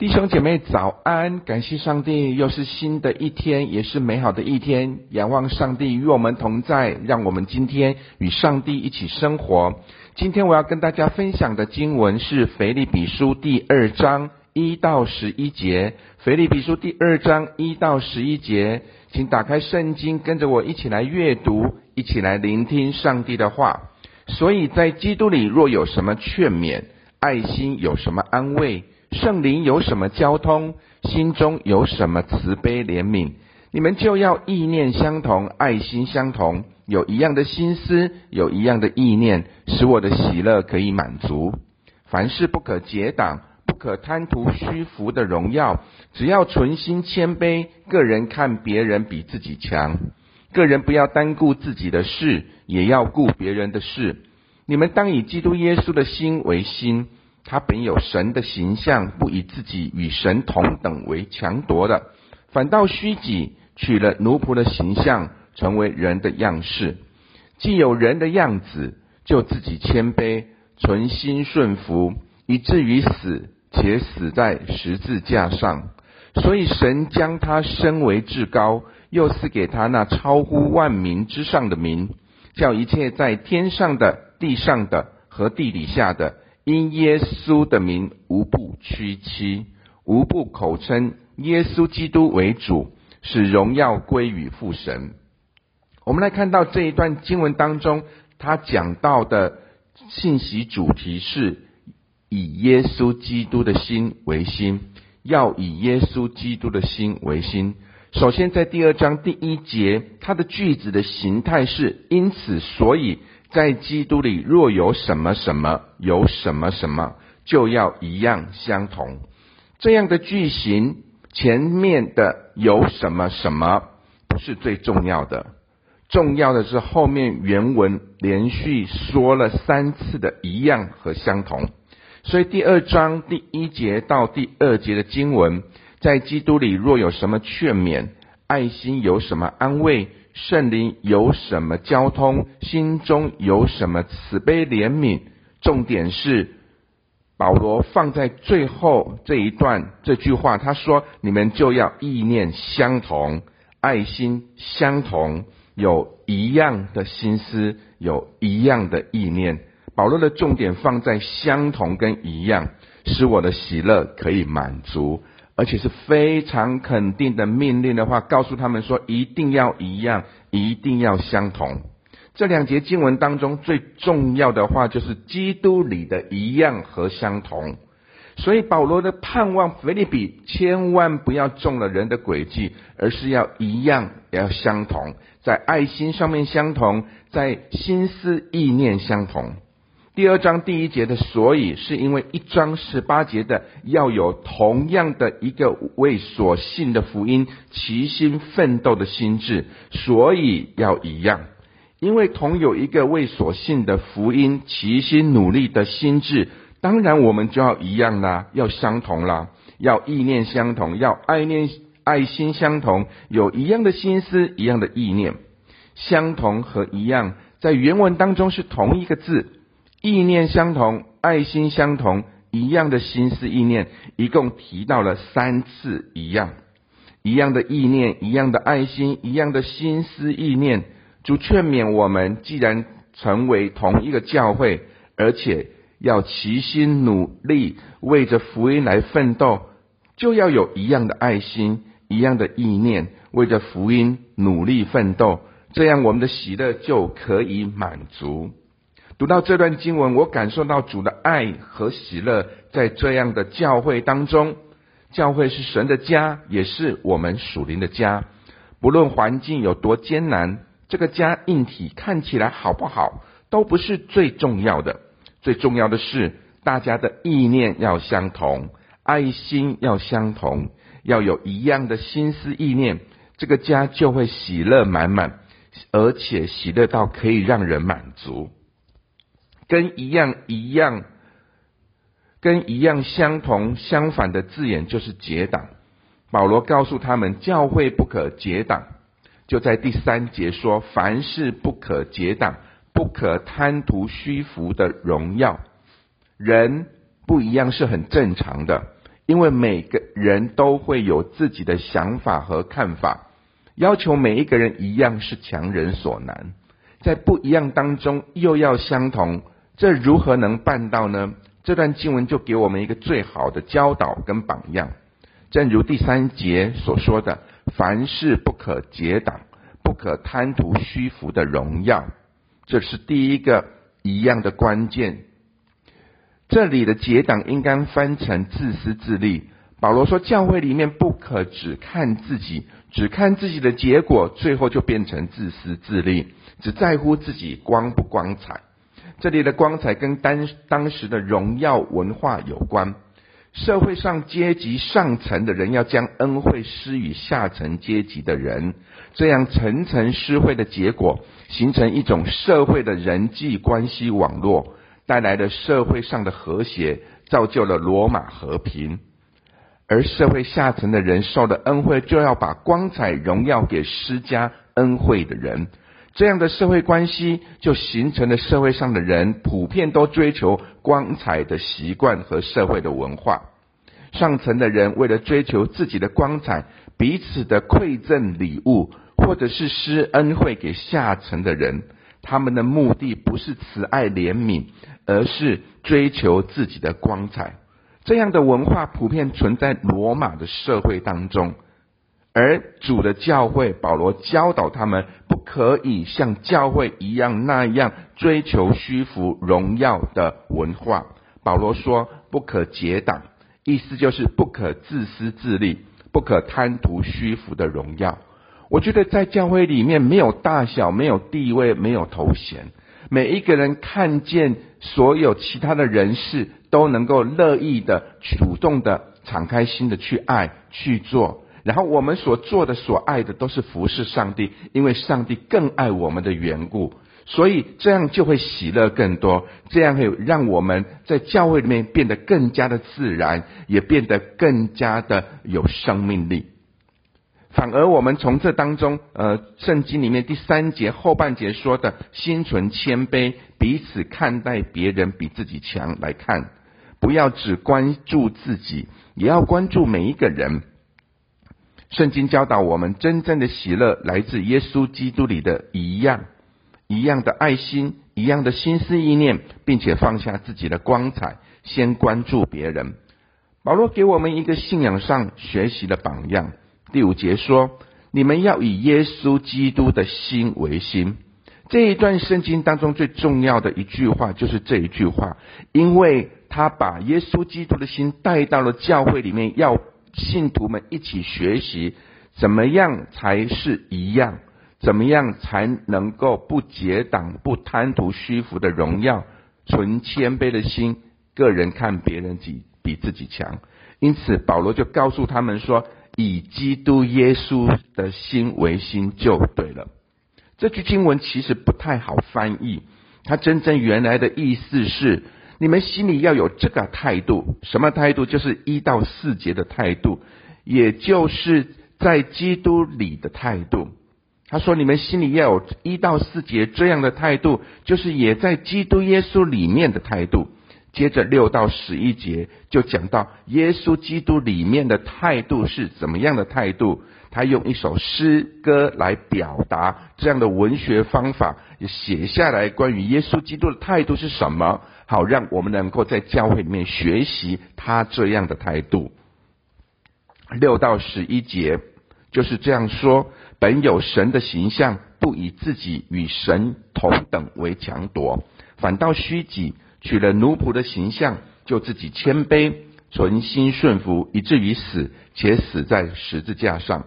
弟兄姐妹，早安！感謝上帝，又是新的一天，也是美好的一天。仰望上帝與我們同在，讓我們今天與上帝一起生活。今天我要跟大家分享的經文是《腓立比書》第二章一到十一節，《腓立比書》第二章一到十一節，請打開聖經，跟着我一起來閱讀，一起來聆聽上帝的話。所以在基督裡，若有什麼勸勉，愛心有什麼安慰。聖靈有什麼交通，心中有什麼慈悲憐憫，你們就要意念相同，愛心相同，有一樣的心思，有一樣的意念，使我的喜樂可以滿足。凡事不可結黨，不可貪圖虛浮的榮耀，只要存心謙卑，各人看別人比自己強，各人不要單顧自己的事，也要顧別人的事。你們當以基督耶穌的心為心。他本有神的形象，不以自己與神同等為強奪的，反倒虛己，取了奴僕的形象，成為人的樣式。既有人的樣子，就自己謙卑，存心順服，以至於死，且死在十字架上。所以神將他升為至高，又賜給他那超乎萬名之上的名，叫一切在天上的、地上的和地底下的。因耶穌的名，無不屈膝，無不口稱耶穌基督為主，使榮耀歸於父神。我們來看到這一段經文當中，他講到的信息主題是以耶穌基督的心為心，要以耶穌基督的心為心。首先，在第二章第一節，他的句子的形態是因此，所以。在基督裡，若有什麼什麼，有什麼什麼，就要一樣相同。這樣的句型，前面的有什麼什麼不是最重要的，重要的是後面原文連續說了三次的一樣和相同。所以第二章第一節到第二節的經文，在基督裡若有什麼勸勉、愛心，有什麼安慰，聖靈有什麼交通？心中有什麼慈悲憐憫？重點是保羅放在最後這一段這句話，他說：“你們就要意念相同，愛心相同，有一樣的心思，有一樣的意念。”保羅的重點放在相同跟一樣，使我的喜樂可以滿足。而且是非常肯定的命令的話，告訴他們說，一定要一樣，一定要相同。這兩節經文當中最重要的話，就是基督裡的一樣和相同。所以保羅的盼望，腓立比千萬不要中了人的詭計，而是要一樣，也要相同，在愛心上面相同，在心思意念相同。第二章第一節的，所以是因為一章十八節的要有同樣的一個為所信的福音齊心奮鬥的心志，所以要一樣，因為同有一個為所信的福音齊心努力的心志，當然我們就要一樣啦，要相同啦，要意念相同，要愛念愛心相同，有一樣的心思，一樣的意念，相同和一樣在原文當中是同一個字。意念相同，愛心相同，一樣的心思意念，一共提到了三次，一樣，一樣的意念，一樣的愛心，一樣的心思意念，就勸勉我們，既然成為同一個教會，而且要齊心努力為着福音來奮鬥，就要有一樣的愛心，一樣的意念，為着福音努力奮鬥，這樣我們的喜樂就可以滿足。讀到這段經文，我感受到主的愛和喜樂，在這樣的教會當中，教會是神的家，也是我們屬靈的家。不論環境有多艱難，這個家硬體看起來好不好，都不是最重要的。最重要的是，大家的意念要相同，愛心要相同，要有一樣的心思意念，這個家就會喜樂滿滿，而且喜樂到可以讓人滿足。跟一樣一樣，跟一樣相同相反的字眼就是結黨。保羅告訴他們，教會不可結黨。就在第三節說，凡事不可結黨，不可貪圖虛浮的榮耀。人不一樣是很正常的，因為每個人都會有自己的想法和看法。要求每一個人一樣是強人所難，在不一樣當中又要相同。這如何能辦到呢？這段經文就給我們一個最好的教導跟榜樣，正如第三節所說的，凡事不可結黨，不可貪圖虛浮的榮耀，這是第一個一樣的關鍵。這裡的結黨應該翻成自私自利。保羅說，教會裡面不可只看自己，只看自己的結果，最後就變成自私自利，只在乎自己光不光彩。這裡的光彩跟當當時的榮耀文化有關，社會上階級上層的人要將恩惠施與下層階級的人，這樣層層施惠的結果，形成一種社會的人際關係網絡，帶來了社會上的和諧，造就了羅馬和平。而社會下層的人受了恩惠，就要把光彩榮耀給施加恩惠的人。這樣的社會關係就形成了社會上的人普遍都追求光彩的習慣和社會的文化。上層的人為了追求自己的光彩，彼此的饋贈禮物或者是施恩惠給下層的人，他們的目的不是慈愛憐憫，而是追求自己的光彩。這樣的文化普遍存在羅馬的社會當中。而主的教會，保羅教導他們不可以像教會一樣那樣追求虛浮榮耀的文化。保羅說：“不可結黨，意思就是不可自私自利，不可貪圖虛浮的榮耀。”我覺得在教會裡面沒有大小，沒有地位，沒有頭銜，每一個人看見所有其他的人士都能夠樂意的、主動的、敞開心的去愛、去做。然後我們所做的、所愛的，都是服侍上帝，因為上帝更愛我們的緣故，所以這樣就會喜樂更多。這樣會讓我們在教會裡面變得更加的自然，也變得更加的有生命力。反而我們從這當中，呃，聖經裡面第三節後半節說的“心存謙卑，彼此看待別人比自己強”，來看，不要只關注自己，也要關注每一個人。聖經教導我們，真正的喜樂來自耶穌基督裡的一樣一樣的愛心，一樣的心思意念，並且放下自己的光彩，先關注別人。保羅給我們一個信仰上學習的榜樣。第五節說：“你們要以耶穌基督的心為心。”這一段聖經當中最重要的一句話就是這一句話，因為他把耶穌基督的心帶到了教會裡面，要。信徒們一起學習，怎麼樣才是一樣？怎麼樣才能夠不結黨、不貪圖虛浮的榮耀、存謙卑的心？個人看別人比比自己強，因此保羅就告訴他們說：“以基督耶穌的心為心，就對了。”這句經文其實不太好翻譯，它真正原來的意思是。你們心裡要有這個態度，什麼態度？就是一到四節的態度，也就是在基督裡的態度。他說：“你們心裡要有一到四節這樣的態度，就是也在基督耶穌裡面的態度。”接着六到十一節就講到耶穌基督裡面的態度是怎麼樣的態度。他用一首詩歌來表達這樣的文學方法，也寫下來關於耶穌基督的態度是什麼？好，讓我們能夠在教會裡面學習他這樣的態度。六到十一節就是這樣說：本有神的形象，不以自己與神同等為強奪，反倒虛己，取了奴僕的形象，就自己謙卑，存心順服，以至於死，且死在十字架上。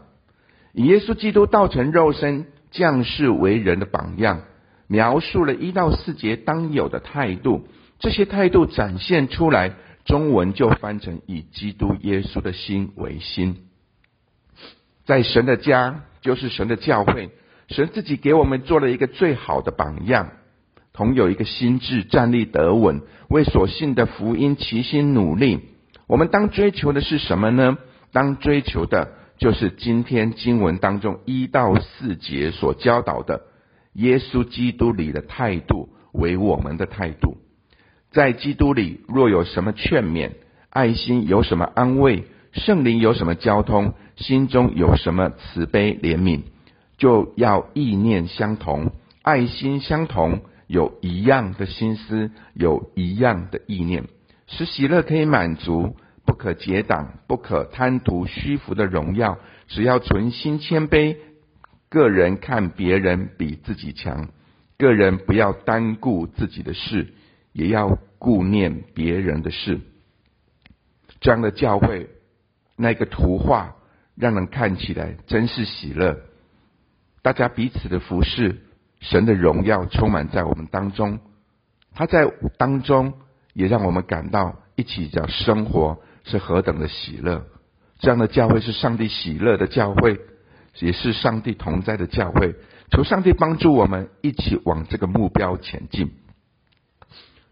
以耶穌基督道成肉身降世為人的榜樣，描述了一到四節當有的態度。這些態度展現出來，中文就翻成以基督耶穌的心為心。在神的家，就是神的教會，神自己給我們做了一個最好的榜樣。同有一個心志站立得穩，為所信的福音齊心努力。我們當追求的是什麼呢？當追求的。就是今天經文當中一到四節所教導的耶穌基督裡的態度為我們的態度，在基督裡若有什麼勸勉，愛心有什麼安慰、聖靈有什麼交通、心中有什麼慈悲憐憫，就要意念相同、愛心相同，有一樣的心思，有一樣的意念，使喜樂可以滿足。不可結黨，不可貪圖虛浮的榮耀。只要存心謙卑，各人看別人比自己強，各人不要單顧自己的事，也要顧念別人的事。這樣的教會，那個圖畫讓人看起來真是喜樂。大家彼此的服侍，神的榮耀充滿在我們當中。他在當中也讓我們感到一起叫生活，是何等的喜樂！這樣的教會是上帝喜樂的教會，也是上帝同在的教會。求上帝幫助我們一起往這個目標前進。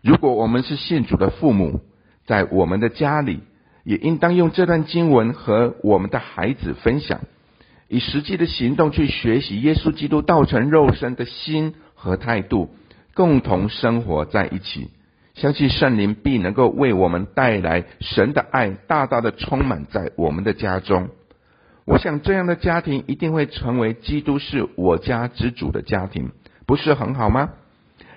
如果我們是信主的父母，在我們的家裡，也應當用這段經文和我們的孩子分享，以實際的行動去學習耶穌基督道成肉身的心和態度，共同生活在一起。相信聖靈必能夠為我們帶來神的愛，大大的充滿在我們的家中。我想這樣的家庭一定會成為基督是我家之主的家庭，不是很好嗎？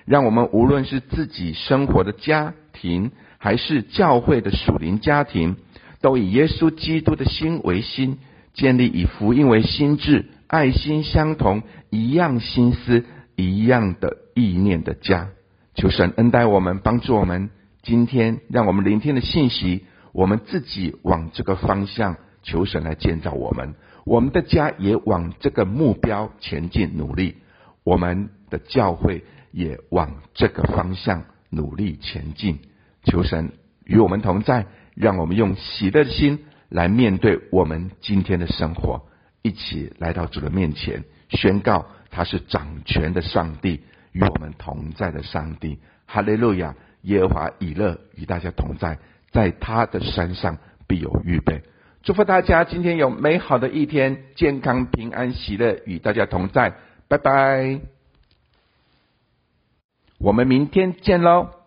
讓我們無論是自己生活的家庭，還是教會的屬靈家庭，都以耶穌基督的心為心，建立以福音為心智、愛心相同、一樣心思、一樣的意念的家。求神恩待我們，幫助我們。今天，讓我們聆聽的信息，我們自己往這個方向求神來建造我們。我們的家也往這個目標前進努力，我們的教會也往這個方向努力前進。求神與我們同在，讓我們用喜樂的心來面對我們今天的生活。一起來到主的面前，宣告他是掌權的上帝。與我們同在的上帝，哈利路亞，耶和華以勒與大家同在，在他的山上必有預備。祝福大家今天有美好的一天，健康平安喜樂與大家同在，拜拜，我們明天見嘍。